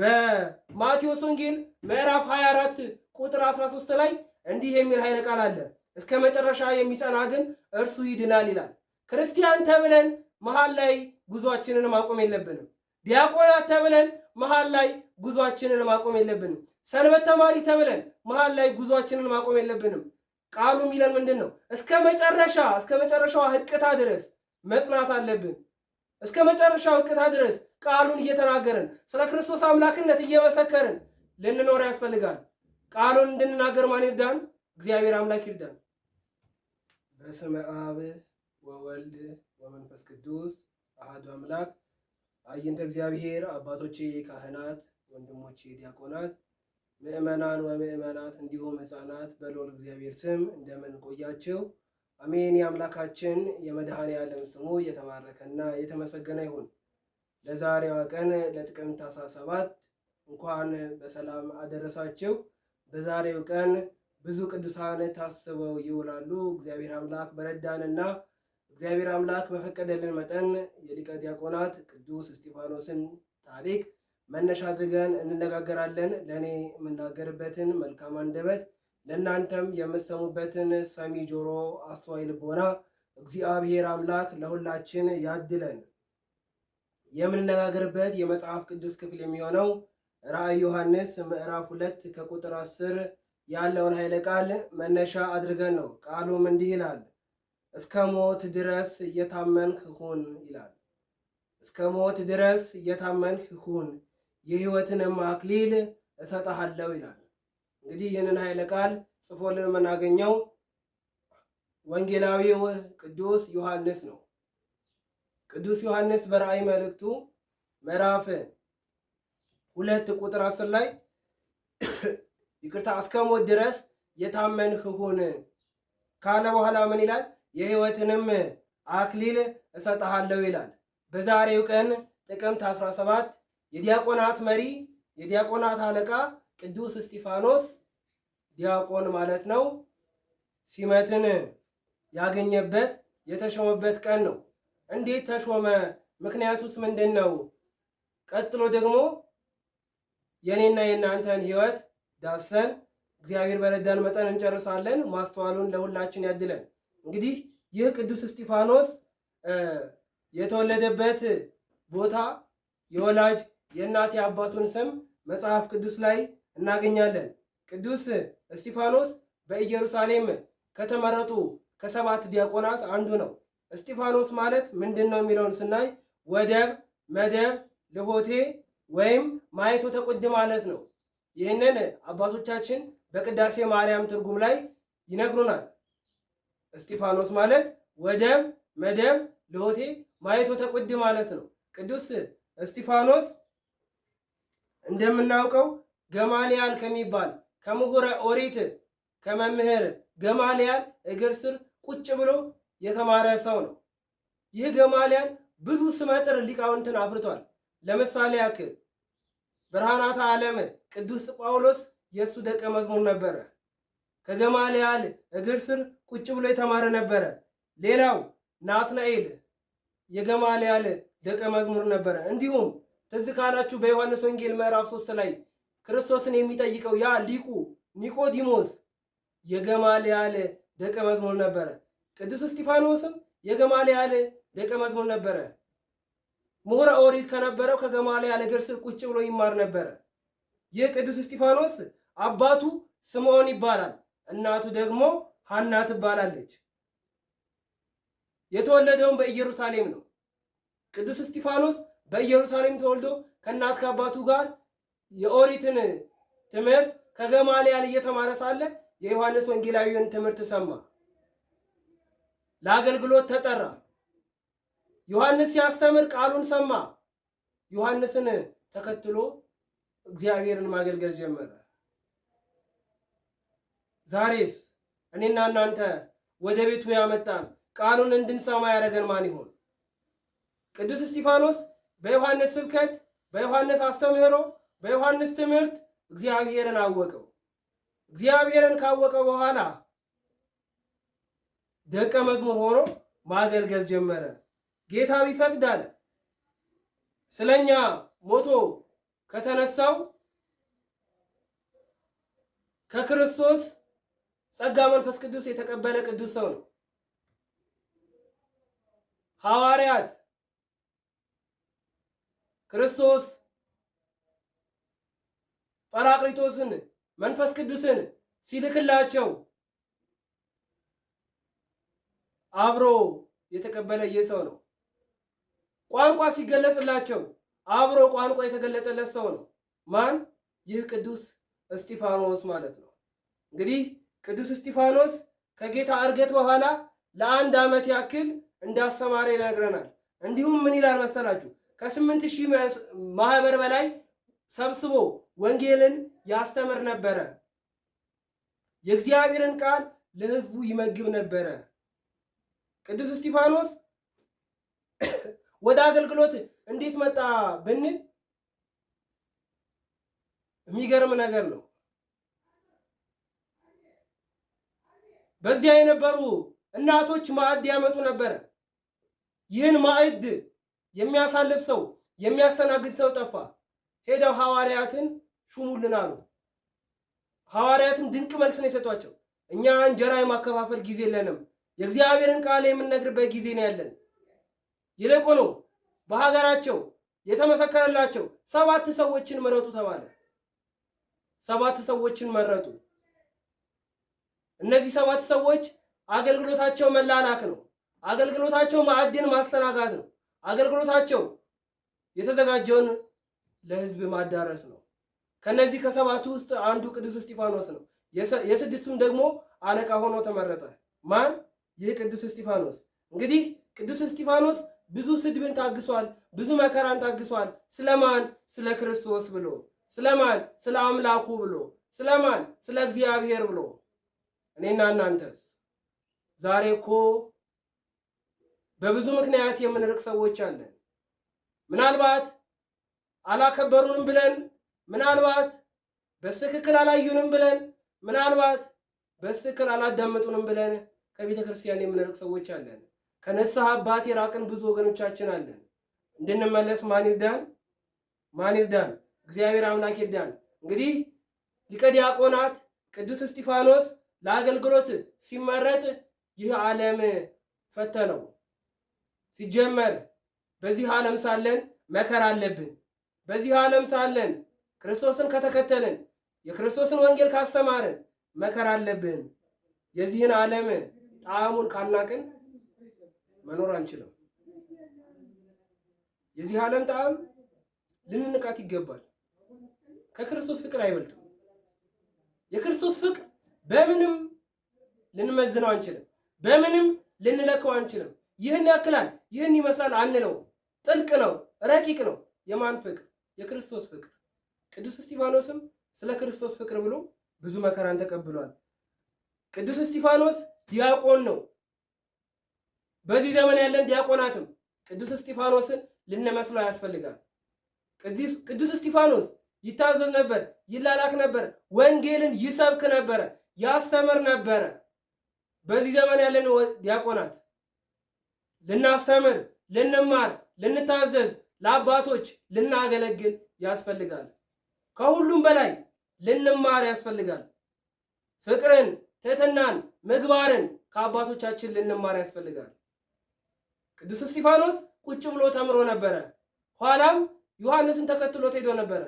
በማቴዎስ ወንጌል ምዕራፍ 24 ቁጥር 13 ላይ እንዲህ የሚል ኃይለ ቃል አለ። እስከ መጨረሻ የሚጸና ግን እርሱ ይድናል ይላል። ክርስቲያን ተብለን መሃል ላይ ጉዟችንን ማቆም የለብንም። ዲያቆናት ተብለን መሃል ላይ ጉዟችንን ማቆም የለብንም። ሰንበት ተማሪ ተብለን መሃል ላይ ጉዟችንን ማቆም የለብንም። ቃሉ የሚለን ምንድን ነው? እስከ መጨረሻ እስከ መጨረሻው ህቅታ ድረስ መጽናት አለብን። እስከ መጨረሻው ህቅታ ድረስ ቃሉን እየተናገርን ስለ ክርስቶስ አምላክነት እየመሰከርን ልንኖር ያስፈልጋል። ቃሉን እንድንናገር ማን ይርዳን? እግዚአብሔር አምላክ ይርዳን። በስመ አብ ወወልድ ወመንፈስ ቅዱስ አህዱ አምላክ። አይንተ እግዚአብሔር አባቶቼ ካህናት፣ ወንድሞቼ ዲያቆናት፣ ምእመናን ወምዕመናት እንዲሁም ሕፃናት በሎል እግዚአብሔር ስም እንደምን ቆያችሁ? አሜን። የአምላካችን የመድኃኔ ዓለም ስሙ እየተባረከና የተመሰገነ ይሁን። ለዛሬዋ ቀን ለጥቅምት 17 እንኳን በሰላም አደረሳችሁ። በዛሬው ቀን ብዙ ቅዱሳን ታስበው ይውላሉ። እግዚአብሔር አምላክ በረዳንና እግዚአብሔር አምላክ በፈቀደልን መጠን የሊቀ ዲያቆናት ቅዱስ እስጢፋኖስን ታሪክ መነሻ አድርገን እንነጋገራለን። ለእኔ የምናገርበትን መልካም አንደበት ለእናንተም የምትሰሙበትን ሰሚ ጆሮ፣ አስተዋይ ልቦና እግዚአብሔር አምላክ ለሁላችን ያድለን። የምንነጋገርበት የመጽሐፍ ቅዱስ ክፍል የሚሆነው ራእይ ዮሐንስ ምዕራፍ ሁለት ከቁጥር አስር ያለውን ኃይለ ቃል መነሻ አድርገን ነው። ቃሉም እንዲህ ይላል፣ እስከ ሞት ድረስ እየታመንክ ሁን ይላል። እስከ ሞት ድረስ እየታመንክ ሁን፣ የሕይወትንም አክሊል እሰጥሃለሁ ይላል። እንግዲህ ይህንን ኃይለ ቃል ጽፎልን የምናገኘው ወንጌላዊው ቅዱስ ዮሐንስ ነው። ቅዱስ ዮሐንስ በራእይ መልእክቱ ምዕራፍ ሁለት ቁጥር አስር ላይ ይቅርታ እስከ ሞት ድረስ የታመንህ ሁን ካለ በኋላ ምን ይላል? የህይወትንም አክሊል እሰጥሃለሁ ይላል። በዛሬው ቀን ጥቅምት 17 የዲያቆናት መሪ የዲያቆናት አለቃ ቅዱስ እስጢፋኖስ ዲያቆን ማለት ነው ሲመትን ያገኘበት የተሾመበት ቀን ነው። እንዴት ተሾመ? ምክንያቱስ ምንድን ነው? ቀጥሎ ደግሞ የእኔና የእናንተን ህይወት ዳሰን እግዚአብሔር በረዳን መጠን እንጨርሳለን። ማስተዋሉን ለሁላችን ያድለን። እንግዲህ ይህ ቅዱስ እስጢፋኖስ የተወለደበት ቦታ የወላጅ የእናት የአባቱን ስም መጽሐፍ ቅዱስ ላይ እናገኛለን። ቅዱስ እስጢፋኖስ በኢየሩሳሌም ከተመረጡ ከሰባት ዲያቆናት አንዱ ነው። እስጢፋኖስ ማለት ምንድን ነው የሚለውን ስናይ ወደብ፣ መደብ፣ ልሆቴ ወይም ማየቶ ተቁድ ማለት ነው። ይህንን አባቶቻችን በቅዳሴ ማርያም ትርጉም ላይ ይነግሩናል። እስጢፋኖስ ማለት ወደብ፣ መደብ፣ ልሆቴ፣ ማየቶ ተቁድ ማለት ነው። ቅዱስ እስጢፋኖስ እንደምናውቀው ገማልያል ከሚባል ከምሁረ ኦሪት ከመምህር ገማልያል እግር ስር ቁጭ ብሎ የተማረ ሰው ነው። ይህ ገማልያል ብዙ ስመጥር ሊቃውንትን አፍርቷል። ለምሳሌ ያክል ብርሃናተ ዓለም ቅዱስ ጳውሎስ የእሱ ደቀ መዝሙር ነበረ። ከገማልያል እግር ስር ቁጭ ብሎ የተማረ ነበረ። ሌላው ናትናኤል የገማልያል ደቀ መዝሙር ነበረ። እንዲሁም ትዝ ካላችሁ በዮሐንስ ወንጌል ምዕራፍ ሶስት ላይ ክርስቶስን የሚጠይቀው ያ ሊቁ ኒቆዲሞስ የገማልያል ደቀ መዝሙር ነበረ። ቅዱስ እስጢፋኖስም የገማልያል ደቀ መዝሙር ነበረ። ምሁረ ኦሪት ከነበረው ከገማልያል እግር ስር ቁጭ ብሎ ይማር ነበረ። ይህ ቅዱስ እስጢፋኖስ አባቱ ስምዖን ይባላል፣ እናቱ ደግሞ ሐና ትባላለች። የተወለደውም በኢየሩሳሌም ነው። ቅዱስ እስጢፋኖስ በኢየሩሳሌም ተወልዶ ከእናት ከአባቱ ጋር የኦሪትን ትምህርት ከገማልያል እየተማረ ሳለ የዮሐንስ ወንጌላዊውን ትምህርት ሰማ። ለአገልግሎት ተጠራ። ዮሐንስ ሲያስተምር ቃሉን ሰማ። ዮሐንስን ተከትሎ እግዚአብሔርን ማገልገል ጀመረ። ዛሬስ እኔና እናንተ ወደ ቤቱ ያመጣን ቃሉን እንድንሰማ ያደረገን ማን ይሆን? ቅዱስ እስጢፋኖስ በዮሐንስ ስብከት፣ በዮሐንስ አስተምህሮ፣ በዮሐንስ ትምህርት እግዚአብሔርን አወቀው። እግዚአብሔርን ካወቀ በኋላ ደቀ መዝሙር ሆኖ ማገልገል ጀመረ። ጌታ ቢፈቅድ አለ ስለኛ ሞቶ ከተነሳው ከክርስቶስ ጸጋ መንፈስ ቅዱስ የተቀበለ ቅዱስ ሰው ነው። ሐዋርያት ክርስቶስ ጳራቅሊጦስን መንፈስ ቅዱስን ሲልክላቸው አብሮ የተቀበለ ይህ ሰው ነው። ቋንቋ ሲገለጽላቸው አብሮ ቋንቋ የተገለጠለት ሰው ነው። ማን? ይህ ቅዱስ እስጢፋኖስ ማለት ነው። እንግዲህ ቅዱስ እስጢፋኖስ ከጌታ እርገት በኋላ ለአንድ ዓመት ያክል እንዳስተማረ ይነግረናል። እንዲሁም ምን ይላል መሰላችሁ? ከስምንት ሺህ ማህበር በላይ ሰብስቦ ወንጌልን ያስተምር ነበረ። የእግዚአብሔርን ቃል ለሕዝቡ ይመግብ ነበረ። ቅዱስ እስጢፋኖስ ወደ አገልግሎት እንዴት መጣ ብንል የሚገርም ነገር ነው። በዚያ የነበሩ እናቶች ማዕድ ያመጡ ነበረ። ይህን ማዕድ የሚያሳልፍ ሰው የሚያስተናግድ ሰው ጠፋ። ሄደው ሐዋርያትን ሹሙልን አሉ። ሐዋርያትም ድንቅ መልስ ነው የሰጧቸው። እኛ እንጀራ የማከፋፈል ጊዜ የለንም የእግዚአብሔርን ቃል የምንነግርበት ጊዜ ነው ያለን። ይልቁኑ በሀገራቸው የተመሰከረላቸው ሰባት ሰዎችን ምረጡ ተባለ። ሰባት ሰዎችን መረጡ። እነዚህ ሰባት ሰዎች አገልግሎታቸው መላላክ ነው። አገልግሎታቸው ማዕድን ማስተናጋት ነው። አገልግሎታቸው የተዘጋጀውን ለሕዝብ ማዳረስ ነው። ከነዚህ ከሰባቱ ውስጥ አንዱ ቅዱስ እስጢፋኖስ ነው። የስድስቱም ደግሞ አለቃ ሆኖ ተመረጠ። ማን ይህ ቅዱስ እስጢፋኖስ እንግዲህ ቅዱስ እስጢፋኖስ ብዙ ስድብን ታግሷል፣ ብዙ መከራን ታግሷል። ስለማን? ስለ ክርስቶስ ብሎ ስለማን? ስለ አምላኩ ብሎ ስለማን? ስለ እግዚአብሔር ብሎ። እኔና እናንተስ ዛሬ እኮ በብዙ ምክንያት የምንርቅ ሰዎች አለን። ምናልባት አላከበሩንም ብለን፣ ምናልባት በትክክል አላዩንም ብለን፣ ምናልባት በትክክል አላዳመጡንም ብለን ከቤተ ክርስቲያን የምንርቅ ሰዎች አለን። ከነሳ አባት የራቅን ብዙ ወገኖቻችን አለን። እንድንመለስ ማን ይርዳን? ማን ይርዳን? እግዚአብሔር አምላክ ይርዳን። እንግዲህ ሊቀ ዲያቆናት ቅዱስ እስጢፋኖስ ለአገልግሎት ሲመረጥ ይህ ዓለም ፈተነው። ሲጀመር በዚህ ዓለም ሳለን መከራ አለብን። በዚህ ዓለም ሳለን ክርስቶስን ከተከተልን የክርስቶስን ወንጌል ካስተማርን መከራ አለብን። የዚህን ዓለም ጣዕሙን ካናቅን መኖር አንችልም። የዚህ ዓለም ጣዕም ልንንቃት ይገባል። ከክርስቶስ ፍቅር አይበልጥም። የክርስቶስ ፍቅር በምንም ልንመዝነው አንችልም። በምንም ልንለከው አንችልም። ይህን ያክላል፣ ይህን ይመስላል አንለው። ጥልቅ ነው፣ ረቂቅ ነው። የማን ፍቅር? የክርስቶስ ፍቅር። ቅዱስ እስጢፋኖስም ስለ ክርስቶስ ፍቅር ብሎ ብዙ መከራን ተቀብሏል። ቅዱስ እስጢፋኖስ ዲያቆን ነው። በዚህ ዘመን ያለን ዲያቆናትም ቅዱስ እስጢፋኖስን ልንመስለው ያስፈልጋል። ቅዱስ እስጢፋኖስ ይታዘዝ ነበር፣ ይላላክ ነበር፣ ወንጌልን ይሰብክ ነበረ፣ ያስተምር ነበረ። በዚህ ዘመን ያለን ዲያቆናት ልናስተምር፣ ልንማር፣ ልንታዘዝ፣ ለአባቶች ልናገለግል ያስፈልጋል። ከሁሉም በላይ ልንማር ያስፈልጋል። ፍቅርን፣ ትህትናን ምግባርን ከአባቶቻችን ልንማር ያስፈልጋል። ቅዱስ እስጢፋኖስ ቁጭ ብሎ ተምሮ ነበረ። ኋላም ዮሐንስን ተከትሎ ሄዶ ነበረ።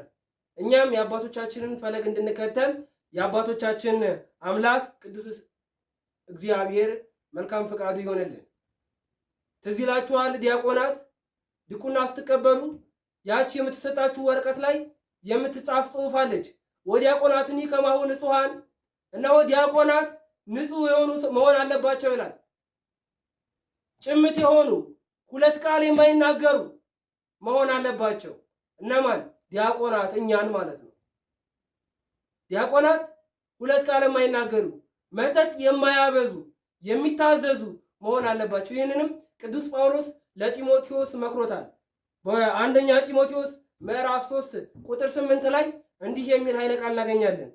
እኛም የአባቶቻችንን ፈለግ እንድንከተል የአባቶቻችን አምላክ ቅዱስ እግዚአብሔር መልካም ፈቃዱ ይሆንልን። ትዝ ይላችኋል ዲያቆናት ድቁና ስትቀበሉ ያቺ የምትሰጣችሁ ወረቀት ላይ የምትጻፍ ጽሑፍ አለች። ወዲያቆናትኒ ይከማሁ ንጹሐን እና ወዲያቆናት ንጹህ የሆኑ መሆን አለባቸው ይላል። ጭምት የሆኑ ሁለት ቃል የማይናገሩ መሆን አለባቸው። እነማን? ዲያቆናት፣ እኛን ማለት ነው። ዲያቆናት ሁለት ቃል የማይናገሩ መጠጥ የማያበዙ የሚታዘዙ መሆን አለባቸው። ይህንንም ቅዱስ ጳውሎስ ለጢሞቴዎስ መክሮታል። በአንደኛ ጢሞቴዎስ ምዕራፍ 3 ቁጥር 8 ላይ እንዲህ የሚል ኃይለ ቃል እናገኛለን።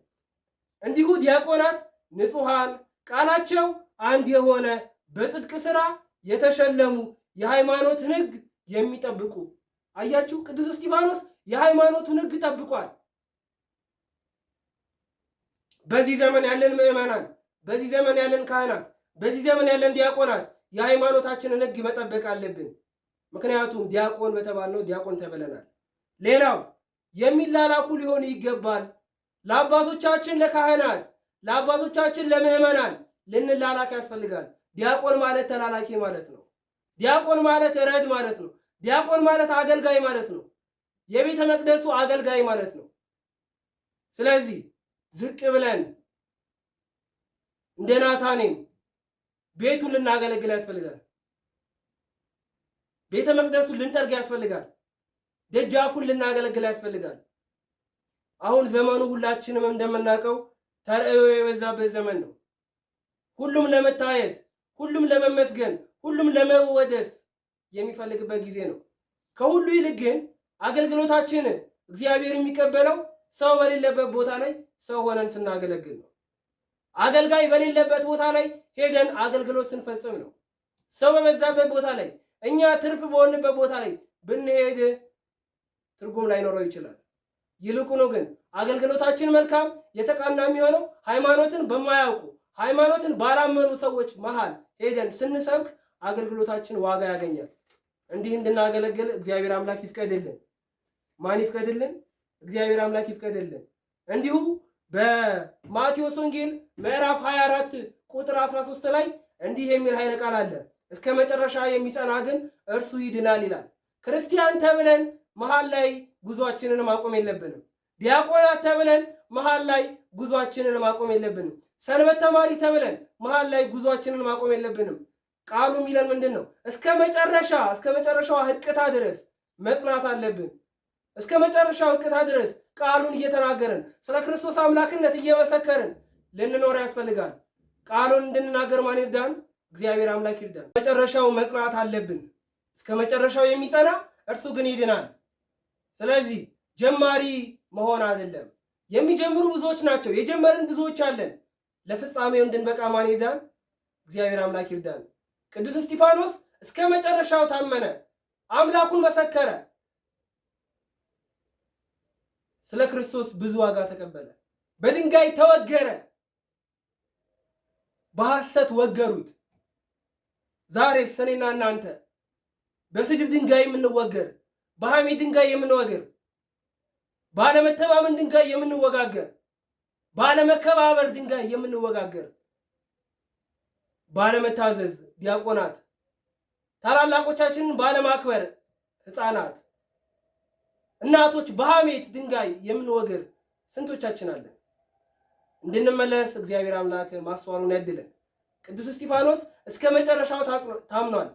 እንዲሁ ዲያቆናት ንጹሐን ቃላቸው አንድ የሆነ በጽድቅ ሥራ የተሸለሙ የሃይማኖትን ሕግ የሚጠብቁ አያችሁ፣ ቅዱስ እስጢፋኖስ የሃይማኖቱን ሕግ ጠብቋል። በዚህ ዘመን ያለን ምዕመናን፣ በዚህ ዘመን ያለን ካህናት፣ በዚህ ዘመን ያለን ዲያቆናት የሃይማኖታችንን ሕግ መጠበቅ አለብን። ምክንያቱም ዲያቆን በተባልነው ዲያቆን ተብለናል። ሌላው የሚላላኩ ሊሆን ይገባል ለአባቶቻችን ለካህናት ለአባቶቻችን ለምእመናን ልንላላክ ያስፈልጋል። ዲያቆን ማለት ተላላኪ ማለት ነው። ዲያቆን ማለት ረድ ማለት ነው። ዲያቆን ማለት አገልጋይ ማለት ነው። የቤተ መቅደሱ አገልጋይ ማለት ነው። ስለዚህ ዝቅ ብለን እንደ ናታኔም ቤቱን ልናገለግል ያስፈልጋል። ቤተ መቅደሱን ልንጠርግ ያስፈልጋል። ደጃፉን ልናገለግል ያስፈልጋል። አሁን ዘመኑ ሁላችንም እንደምናውቀው ተርእዮ የበዛበት ዘመን ነው። ሁሉም ለመታየት፣ ሁሉም ለመመስገን፣ ሁሉም ለመወደስ የሚፈልግበት ጊዜ ነው። ከሁሉ ይልቅ ግን አገልግሎታችን እግዚአብሔር የሚቀበለው ሰው በሌለበት ቦታ ላይ ሰው ሆነን ስናገለግል ነው። አገልጋይ በሌለበት ቦታ ላይ ሄደን አገልግሎት ስንፈጽም ነው። ሰው በበዛበት ቦታ ላይ እኛ ትርፍ በሆንበት ቦታ ላይ ብንሄድ ትርጉም ላይኖረው ይችላል። ይልቁኑ ግን አገልግሎታችን መልካም የተቃና የሚሆነው ሃይማኖትን በማያውቁ ሃይማኖትን ባላመኑ ሰዎች መሃል ሄደን ስንሰብክ አገልግሎታችን ዋጋ ያገኛል። እንዲህ እንድናገለግል እግዚአብሔር አምላክ ይፍቀድልን። ማን ይፍቀድልን? እግዚአብሔር አምላክ ይፍቀድልን። እንዲሁ በማቴዎስ ወንጌል ምዕራፍ 24 ቁጥር 13 ላይ እንዲህ የሚል ኃይለ ቃል አለ። እስከ መጨረሻ የሚጸና ግን እርሱ ይድናል ይላል። ክርስቲያን ተብለን መሃል ላይ ጉዟችንን ማቆም የለብንም። ዲያቆናት ተብለን መሀል ላይ ጉዟችንን ማቆም የለብንም። ሰንበት ተማሪ ተብለን መሀል ላይ ጉዟችንን ማቆም የለብንም። ቃሉ የሚለን ምንድን ነው? እስከ መጨረሻ እስከ መጨረሻዋ ህቅታ ድረስ መጽናት አለብን። እስከ መጨረሻው ህቅታ ድረስ ቃሉን እየተናገርን ስለ ክርስቶስ አምላክነት እየመሰከርን ልንኖር ያስፈልጋል። ቃሉን እንድንናገር ማን ይርዳን? እግዚአብሔር አምላክ ይርዳን። መጨረሻው መጽናት አለብን። እስከ መጨረሻው የሚጸና እርሱ ግን ይድናል። ስለዚህ ጀማሪ መሆን አይደለም። የሚጀምሩ ብዙዎች ናቸው። የጀመርን ብዙዎች አለን። ለፍጻሜው እንድንበቃ ማን ይርዳን? እግዚአብሔር አምላክ ይርዳን። ቅዱስ እስጢፋኖስ እስከ መጨረሻው ታመነ፣ አምላኩን መሰከረ፣ ስለ ክርስቶስ ብዙ ዋጋ ተቀበለ። በድንጋይ ተወገረ፣ በሐሰት ወገሩት። ዛሬ እኔና እናንተ በስድብ ድንጋይ የምንወገር፣ በሐሜት ድንጋይ የምንወገር ባለመተማመን ድንጋይ የምንወጋገር፣ ባለመከባበር ድንጋይ የምንወጋገር፣ ባለመታዘዝ ዲያቆናት፣ ታላላቆቻችንን ባለማክበር ሕፃናት፣ እናቶች በሐሜት ድንጋይ የምንወግር ስንቶቻችን አለን? እንድንመለስ እግዚአብሔር አምላክ ማስተዋሉን ያድለን። ቅዱስ እስጢፋኖስ እስከ መጨረሻው ታምኗል፣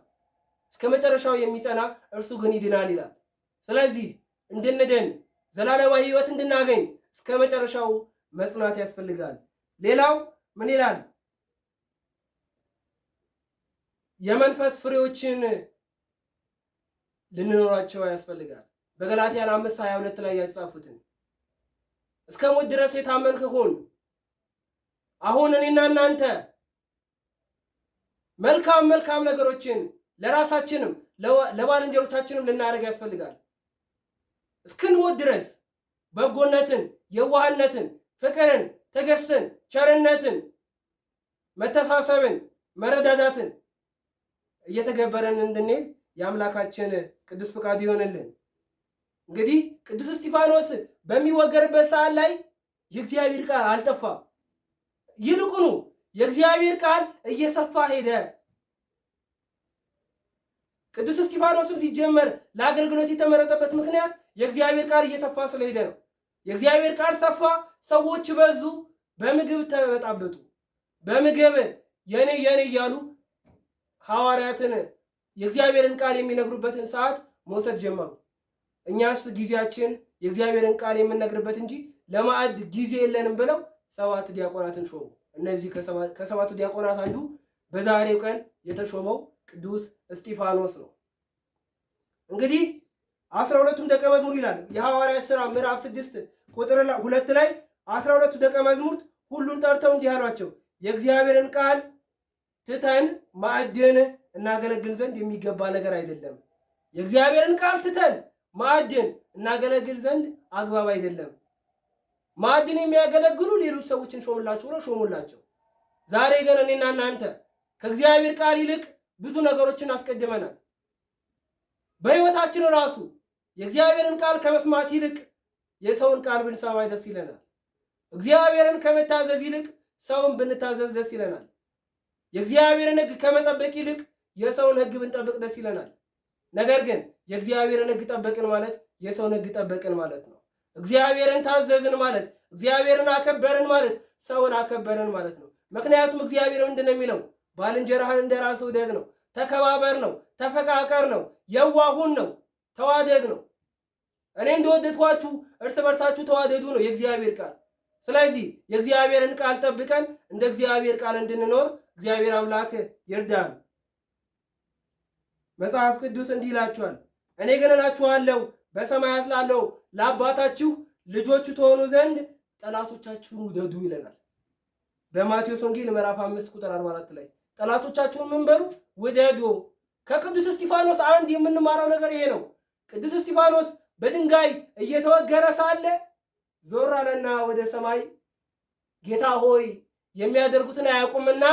እስከ መጨረሻው የሚጸና እርሱ ግን ይድናል ይላል። ስለዚህ እንድንድን ዘላለማዊ ህይወት እንድናገኝ እስከ መጨረሻው መጽናት ያስፈልጋል። ሌላው ምን ይላል? የመንፈስ ፍሬዎችን ልንኖራቸው ያስፈልጋል። በገላትያን አምስት ሀያ ሁለት ላይ ያጻፉትን እስከ ሞት ድረስ የታመንክ ሁን። አሁን እኔና እናንተ መልካም መልካም ነገሮችን ለራሳችንም ለባልንጀሮቻችንም ልናደርግ ያስፈልጋል። እስክንሞት ድረስ በጎነትን፣ የዋህነትን፣ ፍቅርን፣ ትዕግስትን፣ ቸርነትን፣ መተሳሰብን፣ መረዳዳትን እየተገበረን እንድንሄድ የአምላካችን ቅዱስ ፍቃድ ይሆንልን። እንግዲህ ቅዱስ እስጢፋኖስ በሚወገርበት ሰዓት ላይ የእግዚአብሔር ቃል አልጠፋም፤ ይልቁኑ የእግዚአብሔር ቃል እየሰፋ ሄደ። ቅዱስ እስጢፋኖስም ሲጀመር ለአገልግሎት የተመረጠበት ምክንያት የእግዚአብሔር ቃል እየሰፋ ስለሄደ ነው። የእግዚአብሔር ቃል ሰፋ፣ ሰዎች በዙ፣ በምግብ ተበጣበጡ። በምግብ የኔ የኔ እያሉ ሐዋርያትን የእግዚአብሔርን ቃል የሚነግሩበትን ሰዓት መውሰድ ጀመሩ። እኛስ ጊዜያችን የእግዚአብሔርን ቃል የምንነግርበት እንጂ ለማዕድ ጊዜ የለንም ብለው ሰባት ዲያቆናትን ሾሙ። እነዚህ ከሰባቱ ዲያቆናት አንዱ በዛሬው ቀን የተሾመው ቅዱስ እስጢፋኖስ ነው። እንግዲህ አስራ ሁለቱም ደቀ መዝሙር ይላል የሐዋርያት ሥራ ምዕራፍ ስድስት ቁጥር ሁለት ላይ አስራ ሁለቱ ደቀ መዝሙርት ሁሉን ጠርተው እንዲህ አሏቸው የእግዚአብሔርን ቃል ትተን ማዕድን እናገለግል ዘንድ የሚገባ ነገር አይደለም። የእግዚአብሔርን ቃል ትተን ማዕድን እናገለግል ዘንድ አግባብ አይደለም። ማዕድን የሚያገለግሉ ሌሎች ሰዎችን ሾምላቸው ብለው ሾሙላቸው። ዛሬ ግን እኔና እናንተ ከእግዚአብሔር ቃል ይልቅ ብዙ ነገሮችን አስቀድመናል። በህይወታችን ራሱ የእግዚአብሔርን ቃል ከመስማት ይልቅ የሰውን ቃል ብንሰማ ደስ ይለናል። እግዚአብሔርን ከመታዘዝ ይልቅ ሰውን ብንታዘዝ ደስ ይለናል። የእግዚአብሔርን ሕግ ከመጠበቅ ይልቅ የሰውን ሕግ ብንጠብቅ ደስ ይለናል። ነገር ግን የእግዚአብሔርን ሕግ ጠበቅን ማለት የሰውን ሕግ ጠበቅን ማለት ነው። እግዚአብሔርን ታዘዝን ማለት እግዚአብሔርን አከበርን ማለት ሰውን አከበርን ማለት ነው። ምክንያቱም እግዚአብሔር ምንድን ነው የሚለው ባልንጀራህን እንደ ራስ ውደድ ነው። ተከባበር ነው። ተፈቃቀር ነው። የዋሁን ነው። ተዋደድ ነው። እኔ እንደወደድኳችሁ እርስ በርሳችሁ ተዋደዱ ነው የእግዚአብሔር ቃል። ስለዚህ የእግዚአብሔርን ቃል ጠብቀን እንደ እግዚአብሔር ቃል እንድንኖር እግዚአብሔር አምላክ ይርዳን። መጽሐፍ ቅዱስ እንዲህ ይላችኋል፣ እኔ ግን እላችኋለሁ በሰማያት ላለው ለአባታችሁ ልጆቹ ተሆኑ ዘንድ ጠላቶቻችሁን ውደዱ ይለናል በማቴዎስ ወንጌል ምዕራፍ አምስት ቁጥር አርባ አራት ላይ ጠላቶቻችሁን ምን በሉ ውደዱ። ከቅዱስ እስጢፋኖስ አንድ የምንማረው ነገር ይሄ ነው። ቅዱስ እስጢፋኖስ በድንጋይ እየተወገረ ሳለ ዞር አለና ወደ ሰማይ ጌታ ሆይ የሚያደርጉትን አያውቁምና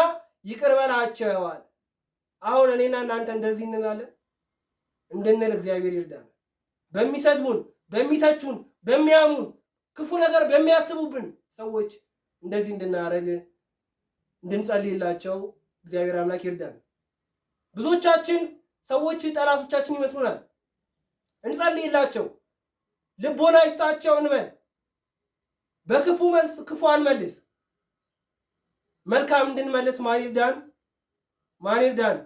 ይቅር በላቸዋል። አሁን እኔና እናንተ እንደዚህ እንላለን እንድንል እግዚአብሔር ይርዳል። በሚሰድቡን፣ በሚተቹን፣ በሚያሙን፣ ክፉ ነገር በሚያስቡብን ሰዎች እንደዚህ እንድናደርግ እንድንጸልይላቸው እግዚአብሔር አምላክ ይርዳል። ብዙዎቻችን ሰዎች ጠላቶቻችን ይመስሉናል። እንጸልይላቸው፣ ልቦና ይስጣቸው እንበል። በክፉ መልስ ክፉ አንመልስ፣ መልካም እንድንመልስ ማን ይርዳን? ማን ይርዳን?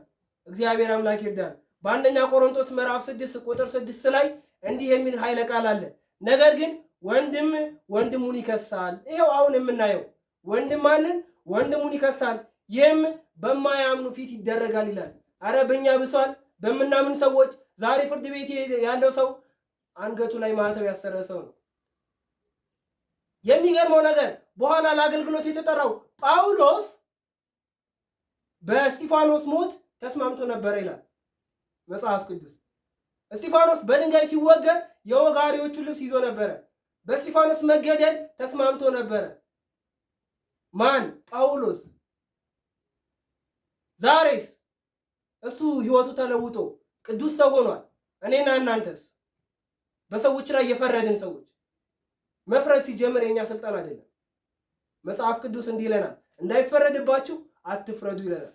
እግዚአብሔር አምላክ ይርዳን። በአንደኛ ቆሮንቶስ ምዕራፍ ስድስት ቁጥር ስድስት ላይ እንዲህ የሚል ኃይለ ቃል አለ። ነገር ግን ወንድም ወንድሙን ይከሳል። ይሄው አሁን የምናየው ወንድም ማንን? ወንድሙን ይከሳል። ይህም በማያምኑ ፊት ይደረጋል ይላል። አረ በእኛ ብሷል። በምናምን ሰዎች ዛሬ ፍርድ ቤት ያለው ሰው አንገቱ ላይ ማህተብ ያሰረ ሰው ነው። የሚገርመው ነገር በኋላ ለአገልግሎት የተጠራው ጳውሎስ በእስጢፋኖስ ሞት ተስማምቶ ነበረ ይላል መጽሐፍ ቅዱስ። እስጢፋኖስ በድንጋይ ሲወገድ የወጋሪዎቹን ልብስ ይዞ ነበረ። በእስጢፋኖስ መገደል ተስማምቶ ነበረ። ማን? ጳውሎስ። ዛሬስ እሱ ህይወቱ ተለውጦ ቅዱስ ሰው ሆኗል። እኔና እናንተስ በሰዎች ላይ የፈረድን ሰዎች መፍረድ ሲጀምር የኛ ስልጣን አይደለም። መጽሐፍ ቅዱስ እንዲህ ይለናል፣ እንዳይፈረድባችሁ አትፍረዱ ይለናል።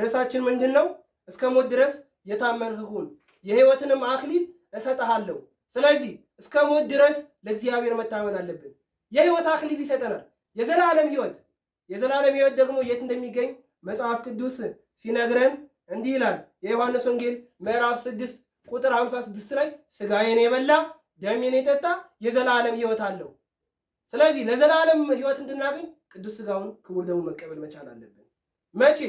ርዕሳችን ምንድን ነው? እስከ ሞት ድረስ የታመንህ ሁን የህይወትንም አክሊል እሰጥሃለሁ። ስለዚህ እስከ ሞት ድረስ ለእግዚአብሔር መታመን አለብን። የህይወት አክሊል ይሰጠናል፣ የዘላለም ህይወት። የዘላለም ህይወት ደግሞ የት እንደሚገኝ መጽሐፍ ቅዱስ ሲነግረን እንዲህ ይላል። የዮሐንስ ወንጌል ምዕራፍ 6 ቁጥር 56 ላይ ስጋዬን የበላ ደሜን የጠጣ የዘላለም ሕይወት አለው። ስለዚህ ለዘላለም ሕይወት እንድናገኝ ቅዱስ ስጋውን ክቡር ደሙን መቀበል መቻል አለብን። መቼ?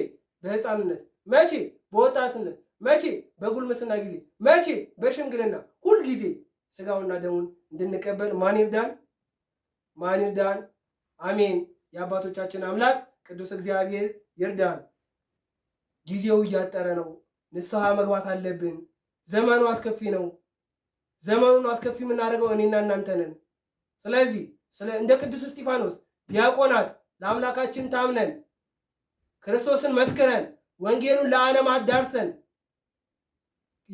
በህፃንነት መቼ? በወጣትነት መቼ? በጉልምስና ጊዜ መቼ? በሽምግልና ጊዜ ስጋውና ደሙን እንድንቀበል ማን ይርዳን? ማን ይርዳን? አሜን። የአባቶቻችን አምላክ ቅዱስ እግዚአብሔር ይርዳን። ጊዜው እያጠረ ነው። ንስሐ መግባት አለብን። ዘመኑ አስከፊ ነው። ዘመኑን አስከፊ የምናደርገው እኔና እናንተ ነን። ስለዚህ እንደ ቅዱስ እስጢፋኖስ ዲያቆናት ለአምላካችን ታምነን ክርስቶስን መስክረን ወንጌሉን ለዓለም አዳርሰን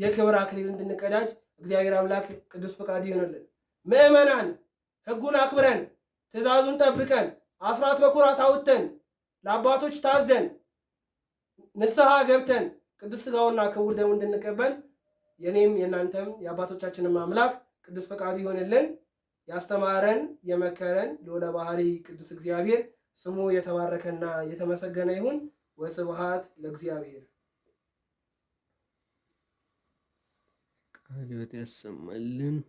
የክብር አክሊል እንድንቀዳጅ እግዚአብሔር አምላክ ቅዱስ ፈቃድ ይሆንልን። ምዕመናን ሕጉን አክብረን ትእዛዙን ጠብቀን አስራት በኩራት አውጥተን ለአባቶች ታዘን ንስሐ ገብተን ቅዱስ ስጋውና ክቡር ደሙ እንድንቀበል የኔም የእናንተም የአባቶቻችንም አምላክ ቅዱስ ፈቃዱ ይሆንልን። ያስተማረን የመከረን ልዑለ ባህሪ ቅዱስ እግዚአብሔር ስሙ የተባረከና የተመሰገነ ይሁን። ወስብሐት ለእግዚአብሔር። ቃልዮት ያሰማልን።